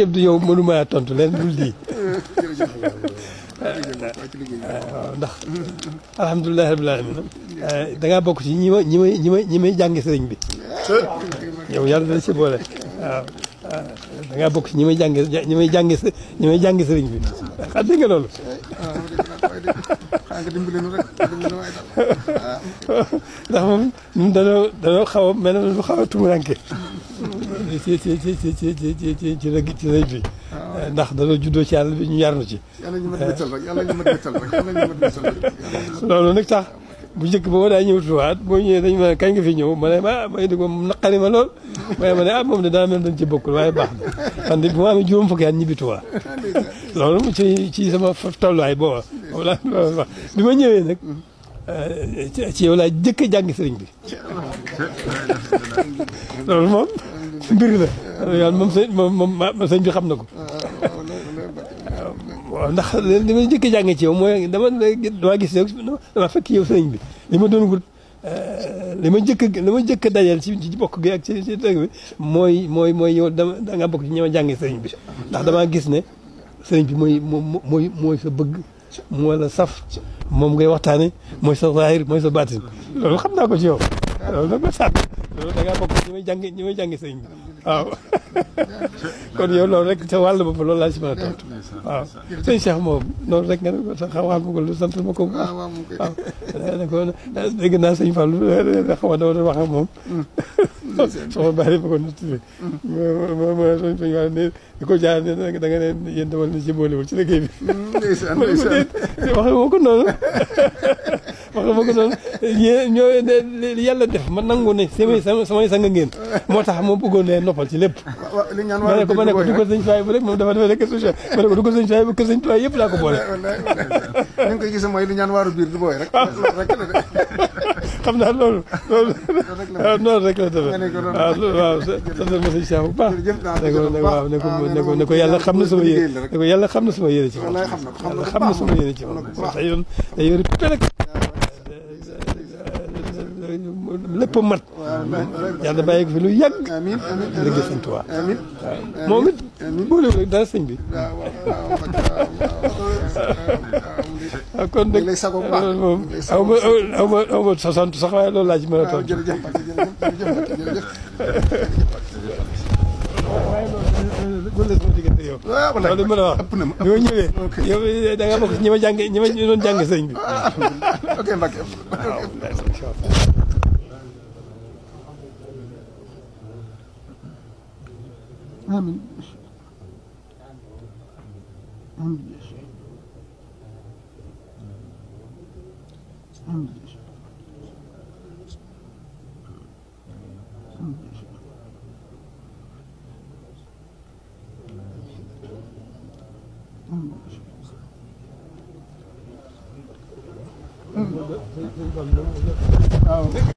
yëpp du yow mënu maa tontu leen dul lii ndax alhamdulilah rabbil alamin eh, bokk ci ñi ñi may ñi may ñi may jàngi sëriñ bi yow yàlla dala si boole waaw eh, da ngaa bokk ci ñi may jàngi ñi may jàngi ñi may jàngi sëriñ bi xam nga loolu ndax moom ñun danoo danoo xaw a na lu xaw a tumuranke ci ci ci ci ci ci ci ci rek ci rek bi ndax dana juddoo ci yàlla bi ñu yar na ci yàlla ñu mën wétal rek yàlla ñu mën wétal rek yàlla ñu mën wétal rek loolu nag tax bu njëkk booba daa ñëw tuwaat boo ñëwee dañu ma kañ nga fi ñëw ma ne ah ma indi ko naqari ma lool waaye ma ne ah moom de daa mel dañ ci bokkul waaye baax na man de bu ma amee juróom fukki at ñibbi tuwaat loolu ci ci sama tolluwaay booba wala bi ma ñëwee nag ci yow laa jëkk jàng sëriñ bi loolu moom mbir la yàlla moom sëñ moom sëñ bi xam na ko. waaw ndax li ma njëkk a jàngee ci yow mooy dama dama gis yow dama fekk yow sëñ bi li ma doon wut li ma njëkk li ma njëkk a dajal ci ci bokk gi ak ci ci dëgg bi mooy mooy mooy yow dama da ngaa bokk ci ñi ma jàngee sëñ bi ndax damaa gis ne sëñ bi mooy mooy mooy sa bëgg moo la saf moom ngay waxtaane mooy sa zahir mooy sa baatin loolu xam naa ko ci yow loolu nag ma sànn loolu da ngaa bokk ci ñi may jàngee ñi may jàngee sëñ bi waaw kon yow loolu rek sa wàll boobu loolu laa si mën a tontu waaw sëñ Cheikh moom loolu rek nga ne ko sax xawaal ma ko lu sant ma ko bu ah, baax waaw ne ko dégg naa sëñ Fallou xaw ma dama wax ak moom mm. sama bari ba ko nuttubi mo mm. mo sëñ sëñ Fallou ne di ko jaar ne da nga ne yéen dawal ni ci boolewul ci liggéey bi mm, ma ko noonu wax nga ko doon ñoo yàlla def ma nangu ne samay samay sang ngeen moo tax ma bëggoon leen noppal ci lépp ma ne ko ma ne ko duggal sëñ tuwaay bu rek moom dafa dafa nekk suñu ma ne ko duggal sëñ tuwaay bu kër sëñ tuwaay yëpp laa ko boole ni nga koy gis mooy li ñaan waaru biir du ah. xam la ah, ne ko waaw ne ko ah, ne xam na sama yéene ne ko yàlla na sama yéene ci moom yàlla xam na sama yéene ci moom lépp mat. yàlla bàyyi ko fi lu yàgg. amiin amiin liggéey sëñ Tuubaa. amiin amiin moom bi. waaw waaw kon aw ma aw ma aw ma sant sax waaye loolu laa ci mën a toog. jërëjëf loolu la sama mën a wax ëpp na ma bi ma ñëwee. yow eh, da nga bokk ñi ma jàng ñi ma doon jàng sëñ bi. Ah, ah, ah. Amin. Amin. Amin. Oh.